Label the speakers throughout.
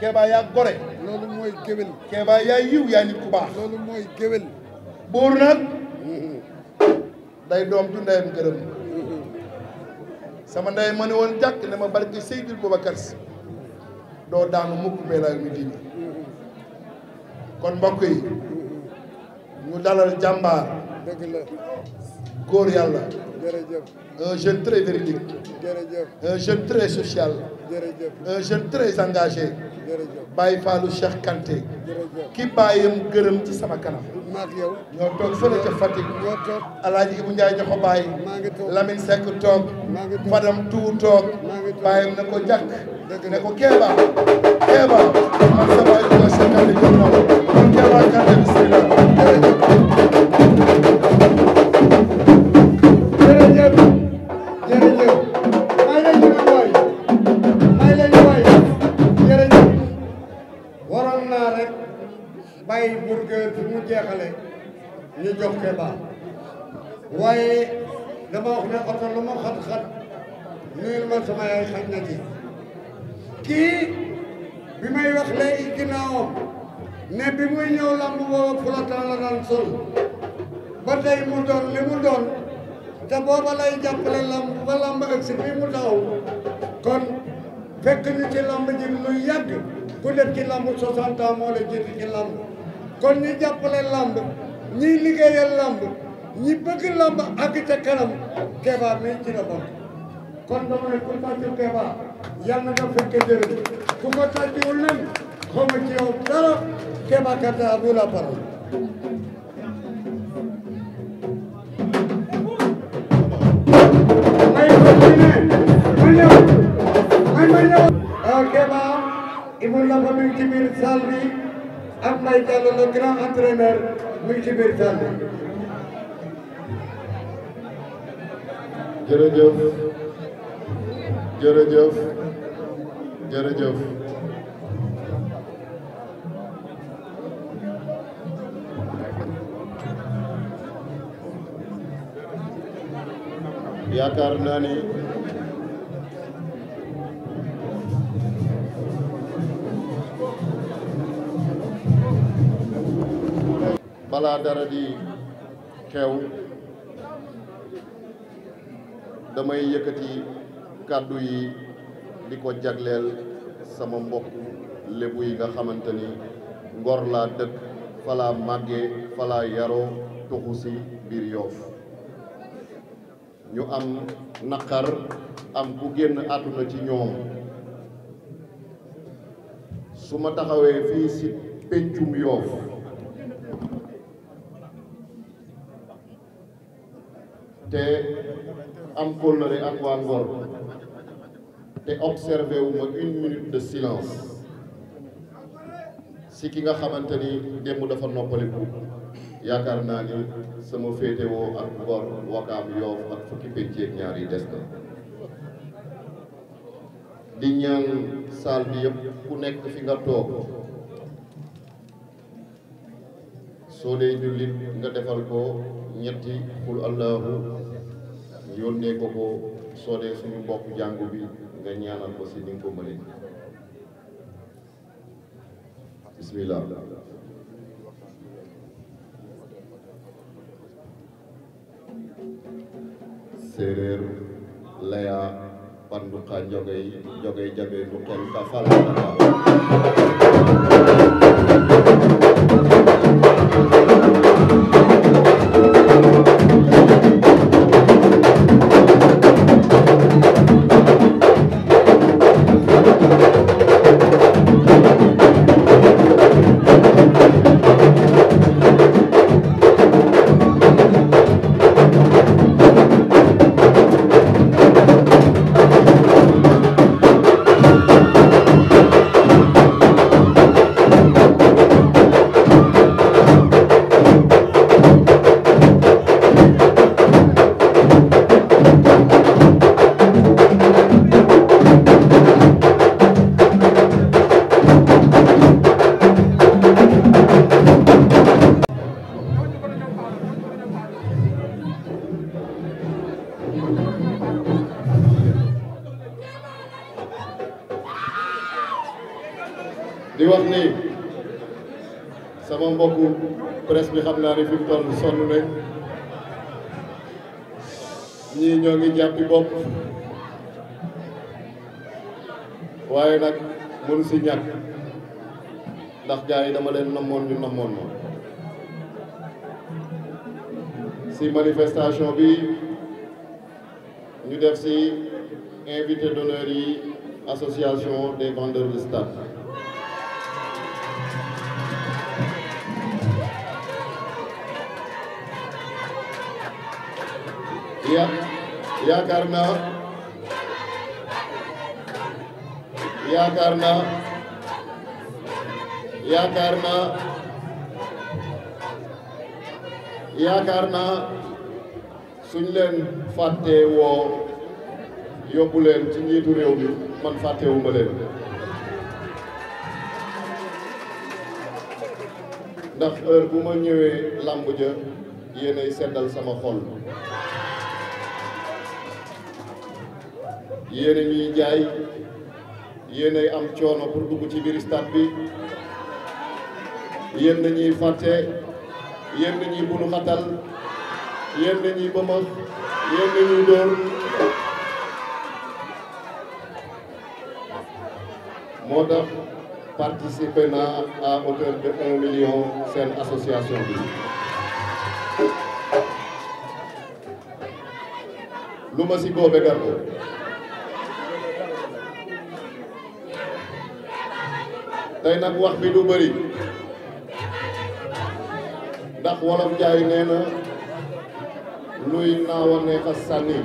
Speaker 1: Kéba yaa gore. loolu mooy géwél. Kéba yaa yiw yaa nit ku loolu mooy géwél. buur nag. Mm-hmm. day doom du ndeyam gërëm. Mm-hmm. sama ndey ma ne woon jàkk ne ma barke Seydil Boubacar Si doo daanu mukk beelaayu mi diine mm-hmm. kon mbokk yi ñu dalal jàmbaar. góor yàlla un jeune très véridique un jeune très social un jeune très engagé Baye Fallou Cheikh Kanté ki bàyyam gërëm ci sama kanam ñoo toog fële ca Fatick Alaaji Ibu Njaay joxo Baye Lamine Seck toog Fadam Tuu toog bàyyam na ko jàkk ne ko Kéba Kéba man sa baay Cheikh Kanté
Speaker 2: jox na la Kéba Kanté bismillah
Speaker 3: may leen waay jërëjëf waroon naa rek bàyyi burger bi mu jeexale ñu jox Keba waaye dama wax ne oto lu xat-xat nuyul ma sama yaay xaj na ci kii bi may wax léegi ginnaawam ne bi muy ñëw lamb booba fulatan la daan sol ba tey mu doon li mu doon te booba lay jàppale lamb ba lamb ak si bi mu daw kon fekk ñu ci lamb ji lu yàgg ku def ci lamb 60 ans moo la ci lamb kon ñu jàppale lamb ñiy liggéeyal lamb ñi bëgg lamb àgg ca kanam Keba mi la bokk kon dama ne ku tàccu Keba yal na nga fekke jërëjëf ku ma tàccuwul nag xaw ci yow dara Keba Kata bu la parole mun na fa mi ngi ci biir salle bi ak Mbaye Diallo le grand entraîneur mi ngi ci biir salle bi.
Speaker 4: jërëjëf jërëjëf jërëjëf. yaakaar naa ni. bala dara di xew damay yëkëti kaddu yi diko jaglél sama mbokk lebu yi nga xamanteni ngor la dëkk fala maggé fala yaro tuxusi bir yoof ñu am nakar am ku génn àdduna ci ñoom suma taxawé fi ci pencum yoof te am kóllëre ak waa Ngor te observé wu ma une minute de silence si ki nga xamante ni démb dafa noppaliku yaakaar naa ni sama féetewoo ak Ngor Wakaam Yoof ak fukki pénceeg ñaar des na di ñaan saal bi yëpp ku nekk fi nga toog soo dee jullit nga defal ko ñetti qul allahu yónnee ko ko soo dee suñu mbokk jàngu bi nga ñaanal ko si ni nga ko mënee bismillah séeréer laya panduka njogey njogey jabe ndukel ka fala rakki bopp waaye nag mënu si ñak ndax gars dama leen namoon ñu namoon ci manifestation bi ñu def ci invité d'honneur yi association des vendeurs de stade yaakaar naa yaakaar na yaakaar naa yaakaar naa suñ leen fàttee woo yóbbu ci njiitu réew mi man fàttewuma leen ndax heure bu ma ñëwee làmb ja yéenay seddal sama xol yéen a ñuy jaay am coono pour dugg ci biir stade bi yéen na ñuy fàtte yéen na ñuy bunu xatal yéen na ñuy bëma yéen na moo tax participer naa à de un million seen association bi lu ma si boobee tey nag wax bi du bëri ndax wolof jaay nee na luy naaw a neex a sànni.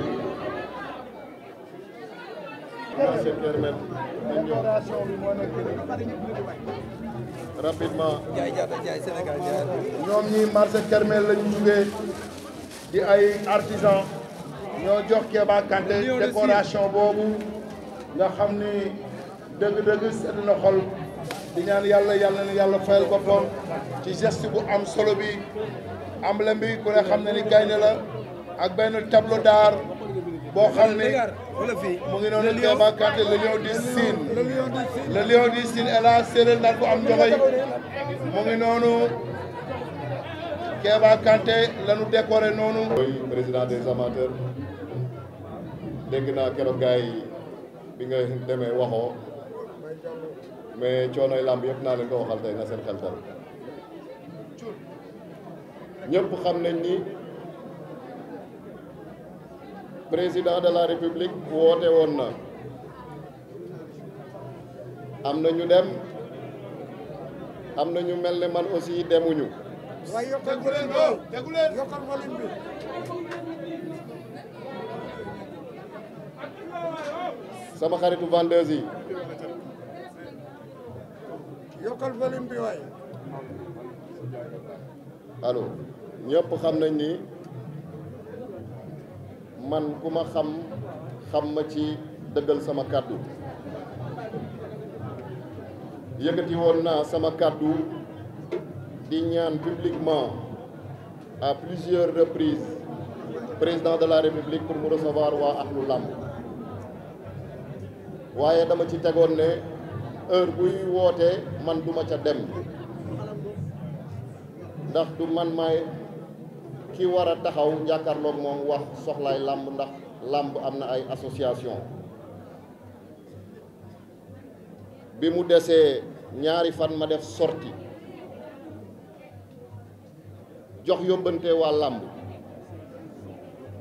Speaker 1: rapidement ñoom ñi marché Kermel lañu jugee di ay artisan ñoo jox Keba Kanté boobu nga xam ni dëgg-dëgg sedd na xol di ñaan yàlla yàlla na yàlla fayal boppam ci geste bu am solo bi emblème bi ku ne xam ne ni gaynde la ak benn tableau d'art boo xam ni mu ngi noonu Keba Kanté le lion du Sine
Speaker 2: le lion du Sine est
Speaker 1: là séeréer naan am njoxoy
Speaker 2: mu ngi noonu
Speaker 1: Keba Kanté la ñu noonu. mooy des amateurs dégg naa keroog gars bi nga
Speaker 4: demee waxoo. mais coonoy làmb yëpp naa leen ko waxal na seen xel dal ñëpp xam nañ ni président de la république woote woon na am na ñu dem am na ñu mel ne man aussi demuñu.
Speaker 3: waaye yokkal leen ko
Speaker 4: sama xaritu vendeuse yi.
Speaker 3: yokkal volume bi waay.
Speaker 4: allo ñëpp xam nañ ni man ku ma xam xam ma ci dëggal sama kàddu yëkkati woon naa sama kàddu di ñaan publiquement à plusieurs reprises président de la république pour mu recevoir waa Ahlou Lamb waaye dama ci tegoon ne. heure buy wootee man duma ca dem ndax du man may ki wara a taxaw jàkkaarloog mom wax soxlay lamb ndax lamb amna ay association bi mu déssé ñaari fan ma def sortie jox yobante wa lamb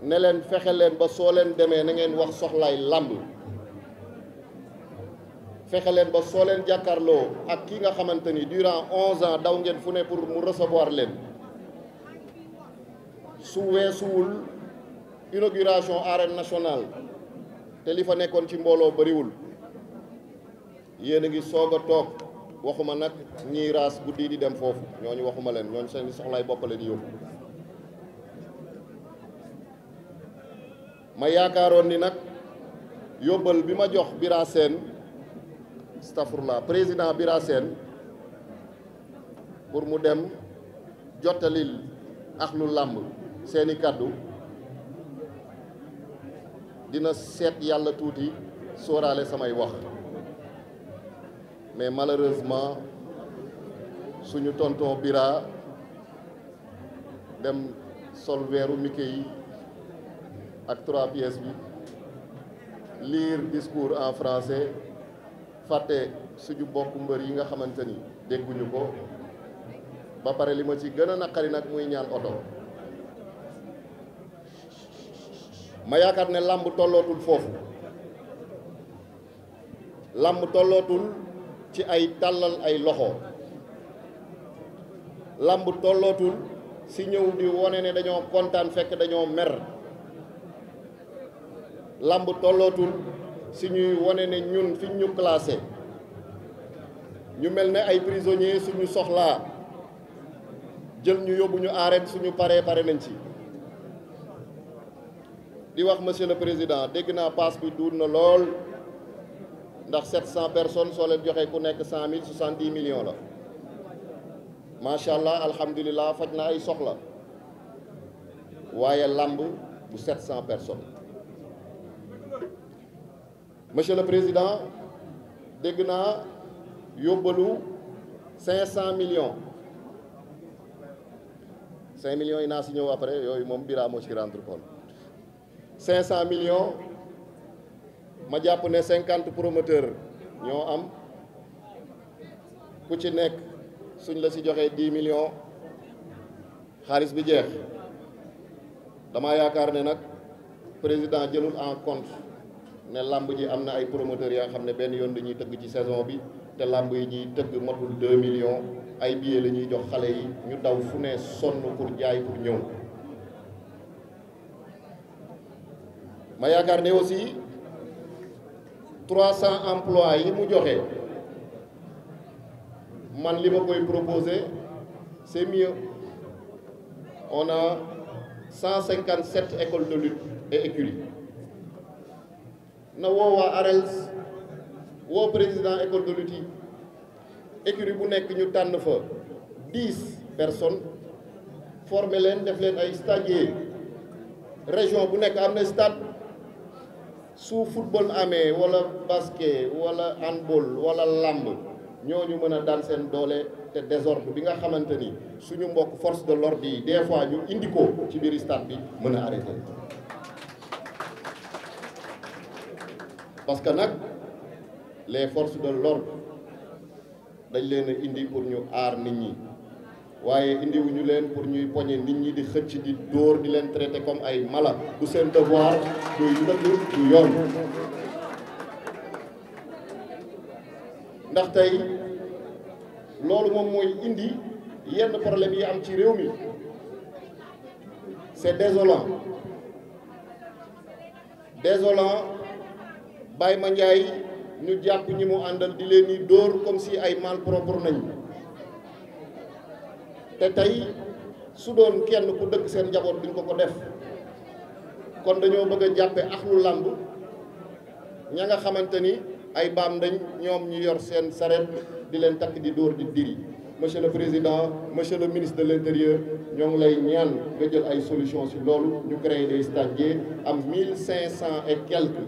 Speaker 4: ne len fexe ba so len demee na ngeen wax soxlay lamb fexe leen ba soo leen jàkkaarloo ak ki nga xamante ni durant onze ans daw ngeen fu ne pour mu recevoir leen su weesuwul inauguration arène nationale te li fa nekkoon ci mbooloo bariwul yéen a ngi soog a toog waxuma nag ñii raas guddi di dem foofu ñooñu waxuma leen ñooñu seen soxlaay bopp leen yóbbu ma yaakaaroon ni nag yóbbal bi ma jox Bira Sène stafurla président Bira Sène pour mu dem jottalil ak làmb seeni kàddu dina seet yàlla tuuti sóoraale samay wax mais malheureusement suñu tonton Bira dem sol weeru Mickey yi ak trois pièces bi lire discours en français fàtte suñu bokk mbër yi nga xamante ni dégguñu ko ba pare li ma ci gën a naqari nag muy ñaan oto ma yaakaar ne làmb tollootul foofu làmb tollootul ci ay tàllal ay loxo làmb tollootul si ñëw di wone ne dañoo kontaan fekk dañoo mer làmb tollootul si ñuy wane ne ñun fi ñu classé ñu mel ay prisonniers suñu soxla jël ñu yóbbu ñu arrête suñu paré paré nañ ci di wax monsieur le président dégg na passe bi dur na lool ndax 700 personnes soo leen joxee ku nekk 100 000 70 millions la alhamdulillah, allah alhamdulilah faj ay soxla waye lamb bu 700 personnes. monsieur le président dégg naa yóbbalu cinq cent million cinq millions yi naa si ñëw après yooyu moom biiraamoo moo ci rendre compte cinq cent million ma jàpp ne cinquante promoteur ñoo am ku ci nekk suñ la si joxee dix million xaalis bi jeex dama yaakaar ne nag président jëlul en compte ne làmb ji am ay promoteur ya xam ben benn yoon dañuy tëgg ci saison bi te lamb yi ñi teug matul 2 millions ay billets lañuy jox xalé yi ñu daw fu ne sonn pour jaay pour ñew ma yaakaar ne aussi 300 emplois yi mu joxe man li ma koy proposer c'est mieux on a 157 écoles de lutte et écuries. na woo waa woo président école de lutte écurie bu nekk ñu tànn fa dix personnes former leen def leen ay stagiaires région bu nekk am na stade su football amee wala basket wala handball wala làmb ñu mën a daan seen doole te désordre bi nga xamante ni suñu mbokk force de l'ordre yi des fois ñu indi ko ci biir stade bi mën a arrêté. parce que nag les force de l'ordre dañ leen indi pour ñu aar nit ñi waaye indiwuñu leen pour ñuy poñe nit ñi di xëcc di dóor di leen traité comme ay mala du seen devoir du dëkk du yoon ndax tey loolu moom mooy indi yenn problème yi am ci réew mi c'est désolant désolant ma Mandiaye ñu jàpp ñi mu àndal di leen di dóor comme si ay malpropre nañ te tey su doon kenn ku dëkk seen njaboot duñ ko ko def kon dañoo bëgg a jàppe ax lu làmb ña nga xamante ni ay baam dañ ñoom ñu yor seen saret di leen takk di dóor di diri monsieur le président monsieur le ministre de l'intérieur ñoo ngi lay ñaan nga jël ay solution si loolu ñu créer des stades am mille cinq cent et quelques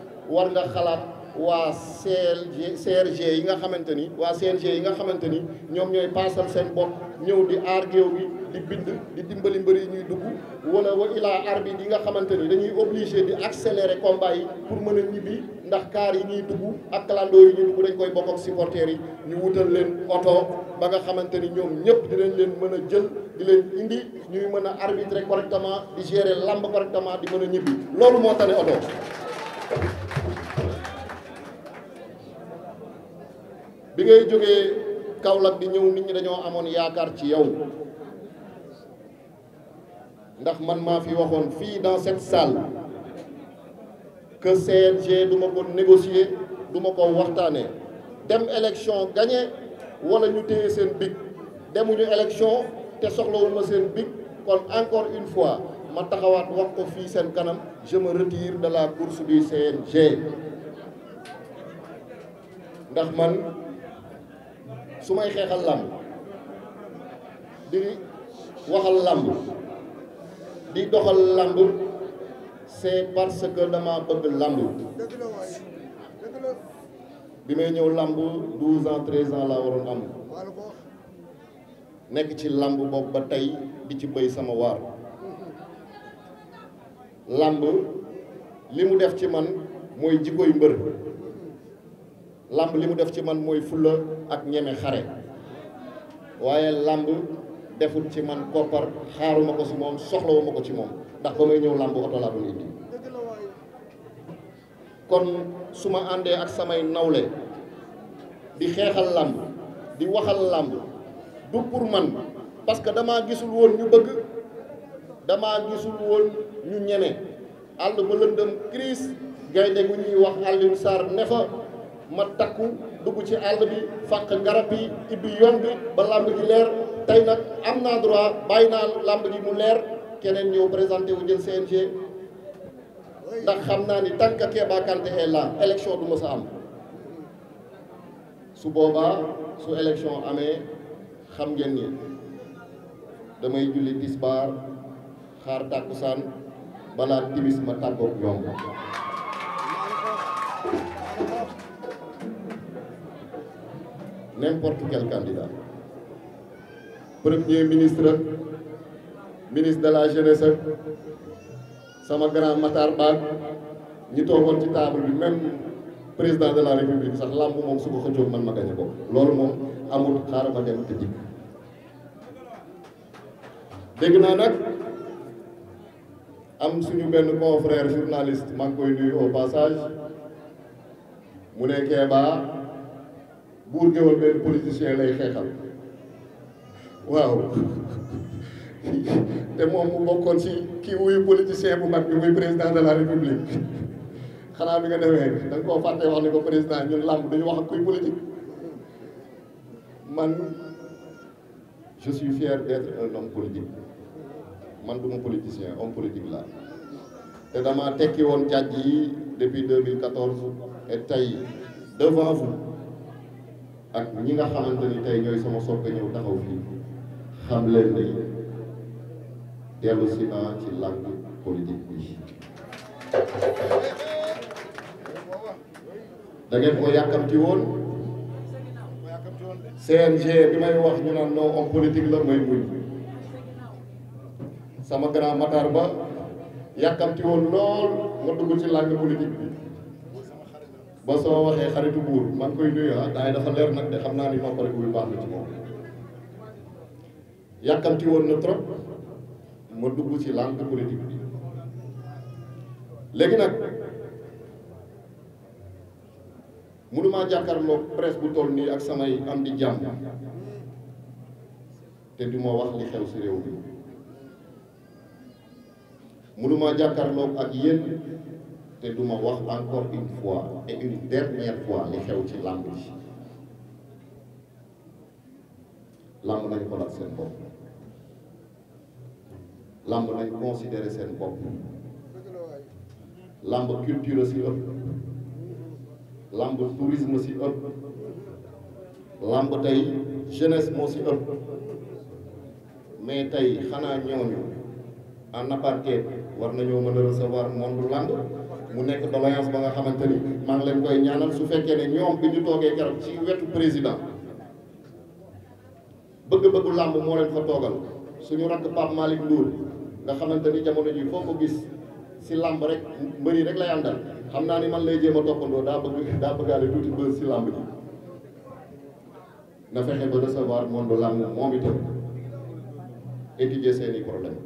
Speaker 4: war nga xalaat waa CLG CRG yi nga xamante ni waa CNG yi nga xamante ni ñoom ñooy paasal seen ñëw di aar géew di bind di dimbali mbër yi ñuy dugg wala wa ilaa arbitre yi nga xamante ni dañuy obligé di accélérer combat yi pour mën a ñibbi ndax kaar yi ñuy dugg ak kalandoo yi ñuy dañ koy bokk ak supporters yi ñu wutal leen oto ba nga xamante ni ñoom ñëpp dinañ leen mën a jël di leen indi ñuy mën a arbitrer correctement di gérer lamb correctement di mën a ñibbi loolu moo tane oto. bi ngay jógee Kaolack di ñëw nit ñi dañoo amone yaakar ci yow ndax man ma fi waxone fi dans cette salle que CNG duma ko négocier duma ko waxtané dem élection gagné wala ñu téye sen big demu ñu élection té te ma sen big kon encore une fois ma taxawat wax ko fi sen kanam je me retire de la course du CNG ndax man su may xeexal làmb di waxal làmb di doxal làmb c'est parce que dama bëgg làmb bi may ñëw làmb douze ans treize ans laa waroon am nekk ci làmb boobu ba tey di ci béy sama waar làmb li mu def ci man mooy jikkoy mbër lamb limu def ci man moy fulla ak ñeme xare waye lamb deful ci man koppar xaaruma ko ci mom soxlawu ma ko ci mom ndax ba may lamb auto la doon indi kon suma ande ak samay nawle di xexal lamb di waxal lamb du pour man parce que dama gisul won ñu bëgg dama gisul won ñu ñeme àll ba lëndëm crise gaynde gu ñuy wax Alioune sar nefa ma takku dugg ci àll bi fàq garab yi ibbi yoon bi ba làmb ji leer tey nag am naa droit bàyyi naa làmb ji mu leer keneen ñëw présenté wu jël CNG ndax xam naa ni tant que Keba Kanté est là ma sa am su boobaa su élection amee xam ngeen ni damay julli tisbaar xaar tàkkusaan balaa timis ma tàggoog ñoom n'importe quel candidat premier ministre ministre de la jeunesse sama grand Matar Ba ñi toogoon ci table bi même président de la république sax làmb moom su ko xëccoon man ma gañe ko loolu moom amul xaaral ma dem te dégg naa nag am suñu benn confrère journaliste maa koy nuyu au passage mu ne Kéba buur géwal benn politicien lay xeexal waaw Et moi, mu bokkoon ci kii wuyu politicien bu mag bi président de la république xanaa bi nga demee da nga koo fàtte wax ne ko président ñun làmb dañu wax kuy politique man je suis fier d'être un homme politique man du un politicien homme politique laa te dama tekki woon jàjj yi depuis 2014 et tey devant vous ak ñi nga xamante ni tey ñooy sama soppe ñëw taxaw fii xam leen ni dellu si naa ci làngu politique bi da ngeen yàkkamti woon CNG bi may wax ñu naan non homme politique la may muñ sama grand Matar Ba yàkkamti woon lool nga dugg ci làngu politique bi ba soo waxee xaritu buur maa ngi koy nuyu ah daay dafa leer nag de xam naa ni ma pare buy baax na ci moom yàkkamti woon na trop ma dugg ci langue politique bi léegi nag mënumaa jàkkaarloo presse bu toll nii ak samay am di jàmm te du ma wax li xew si réew mi mënumaa jàkkaarloo ak yéen te du ma wax encore une fois et une dernière fois li xew ci làmb ji làmb nañ xoolaat seen bopp làmb nañ considéré seen bopp làmb culture si ëpp làmb tourisme si ëpp làmb tey jeunesse moo si ëpp mais tey xanaa ñooñu en aparté war nañoo mën a recevoir monde làmb mu nek doléance ba nga xamanteni man maa ngi leen koy ñaanal su fekke ne ñoom bi ñu toogee keroog ci wetu président bëgg bëgg lamb mo leen fa togal suñu rak pap malik Ndour nga xamanteni jamono ji foko gis ci lamb rek mbëri rek lay andal xamna ni man lay jéem topando da bëgg daa bëggaale tuuti bës ci lamb ji na fexé ba recevoir monde tok étudier seeni problème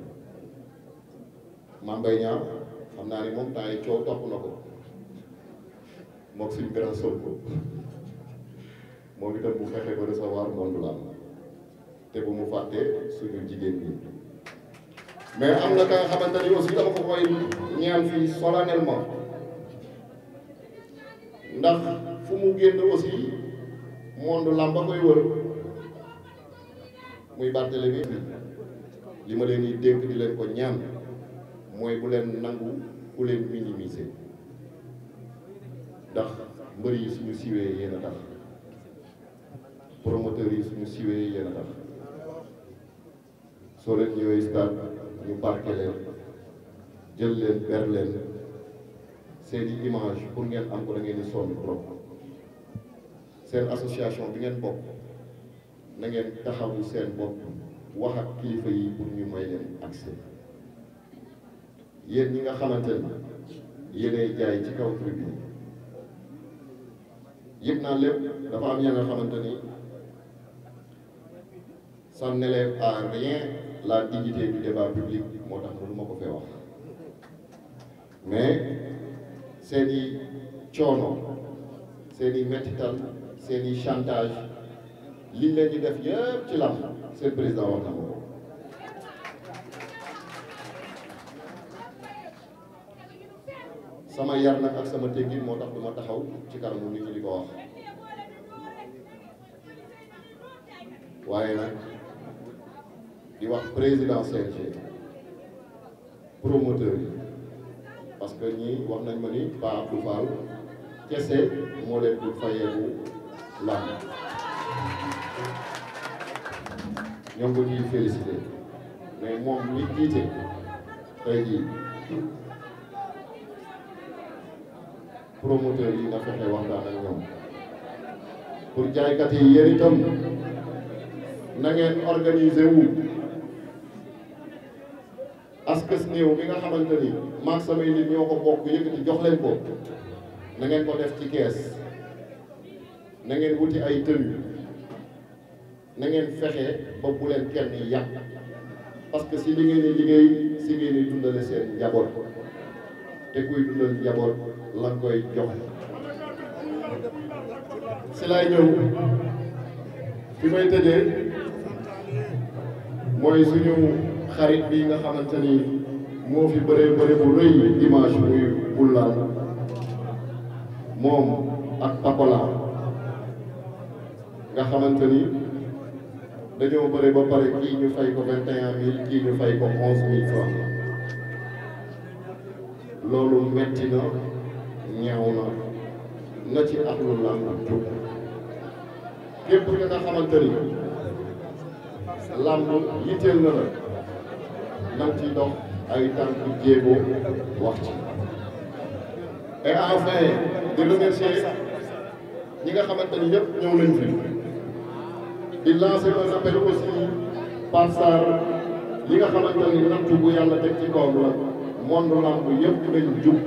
Speaker 4: mambay ñaan xam ni mom tay ciow top nako mok suñu grand suñu ko mo ngi tam bu fexe ko recevoir monde la te bu mu faté suñu jigen ni mais amna ka xamantani aussi dama ko koy ñaan fi solennellement ndax fu mu genn aussi oh, monde la ba koy wër muy Barthélémy bi lima leni di di len ko ñaan mooy bu leen nangu ku leen minimiser ndax mbër yi suñu siwee yéen a tax promoteurs yi suñu siwee yéen a tax soo leen ñëwee stade ñu barke jël leen ber leen seen image pour ngeen am ko da ngeen di sonn trop seen association bi ngeen bokk na ngeen taxawu seen bopp wax ak kilifa yi pour ñu may leen accès yéen ñi nga xamante ni yéenay jaay ci kaw tribune yëg naa lépp dafa am ña nga xamante ni ça n'élève à rien la dignité du débat public moo tax lu ma ko fee wax mais seen i coono seen i mettital seen i chantage liñ leen di def yëpp ci lam seen président wax na ko sama yar nag ak sama teggin moo tax du ma taxaw ci kanamu nit ñi di ko wax waaye nag di wax président CNG promoteur yi parce que ñii wax nañ ma ni Pa Abdou Fall kese moo leen du fayeeku làmb ñoo ngi ko ñuy félicité mais moom mi jiite tey jii promoteur yi nga fexe waxtaan ak ñoom pour jaaykat yi yéen itam na ngeen organiser wu askan néew bi nga xamante ni maag samay nit ñoo ko bokk yëkkati jox leen ko na ngeen ko def ci kees na ngeen wuti ay tenue na ngeen fexe ba bu leen kenn yàq parce que si li ngeen di liggéey si ngeen di dundale seen njaboot te kuy dundal njaboot la koy jox si laay ñëw fi may tëjee mooy suñu xarit bi nga xamante ni moo fi bëree bëri bu rëy dimanche muy Boulal moom ak Pakola nga xamante ni dañoo bëri ba pare kii ñu fay ko vingt et un mille kii ñu fay ko onze mille francs loolu metti na ñeew na na ci ahlul làmb jóg képp ki nga xamante ni làmb yitteel na la na ci dox ay tànk jéego wax ci et enfin di remercier ñi nga xamante ni yëpp ñëw nañ fi di lancer un appel aussi par Sarr li nga xamante ni nattu bu yàlla teg ci kawam la monde làmb yëpp nañ jub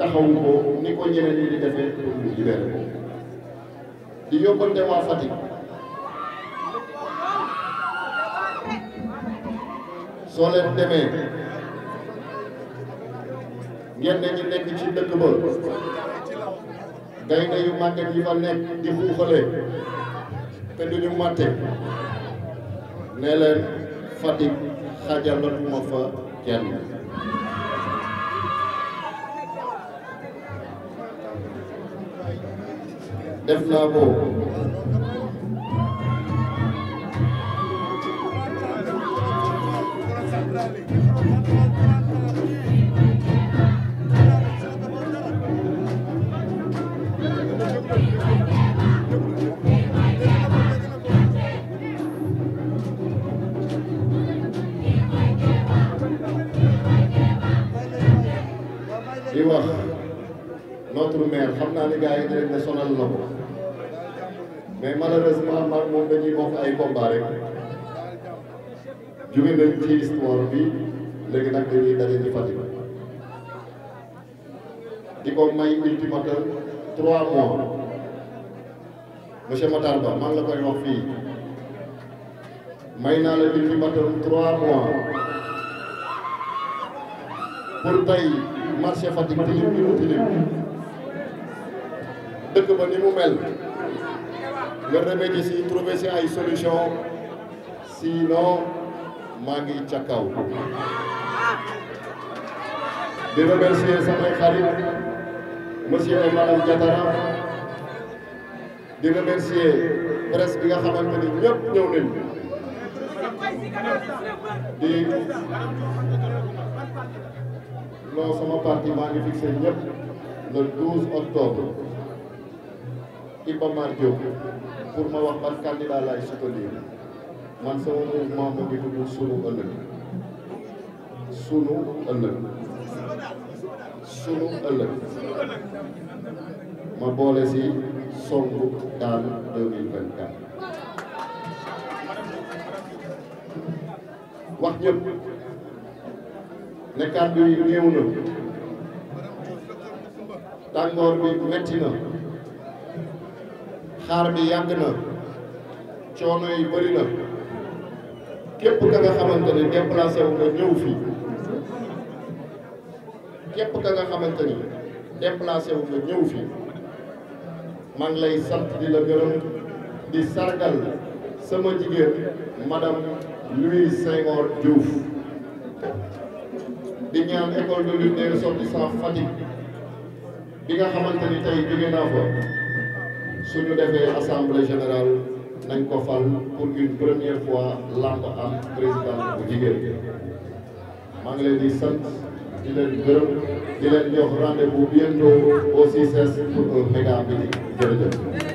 Speaker 4: taxaw ko ni ko ñeneen ñi di defee pour ñu libéré di yóbbante waa Fatick soo leen demee ngeen ne nekk ci dëkk ba gaynde yu màgget yi fa nekk di xuuxale te du ñu màtte ne leen Fatick xaajalatuma fa kenn def naa ko di wax notre maire xam naa ne gars yi da leen ne sonal na ko mais malheureusement man moom dañuy bokk ay combat rek jóge ci histoire bi léegi nag dañuy daje ci Fatick di ko may ultimatum trois mois monsieur Matar Ba man la koy wax fii may naa la ultimatum trois mois pour tey marché Fatick tilim bi mu tilim dëkk ba ni mu mel nga remédier si trouver ay solution sinon maa ngi ca kaw di remercier samay xarit monsieur Ibrahima Diatara di remercier presse bi nga xamante ni ñëpp ñëw nañu di non sama parti maa ngi fixé ñëpp le 12 octobre Iba Mar Diop ma wax ban candidat laay soutenir man sama mouvement mu ngi tudd sunu ëllëg sunu ëllëg sunu ëllëg ma boole si songu daanu 2024 wax ñëpp ne kàddu néew na tàngoor bi metti na xaar bi yàgg na coono yi bëri na képp ka nga xamante ni déplacé wu nga ñëw fii képp ka nga xamante ni déplacé wu nga ñëw fii man lay sant di la gërëm di sargal sama jigéen madame Louise Senghor Diouf di ñaan école de lutte des ressortissants Fatick bi nga xamante ni tey jóge naa suñu defee assemblée générale nañ ko fal pour une première fois lamb am président bu jigéen maa ngi leen di sant di leen gërëm di leen jox rendez-vous bientôt au CICES pour un méga meeting jërëjëf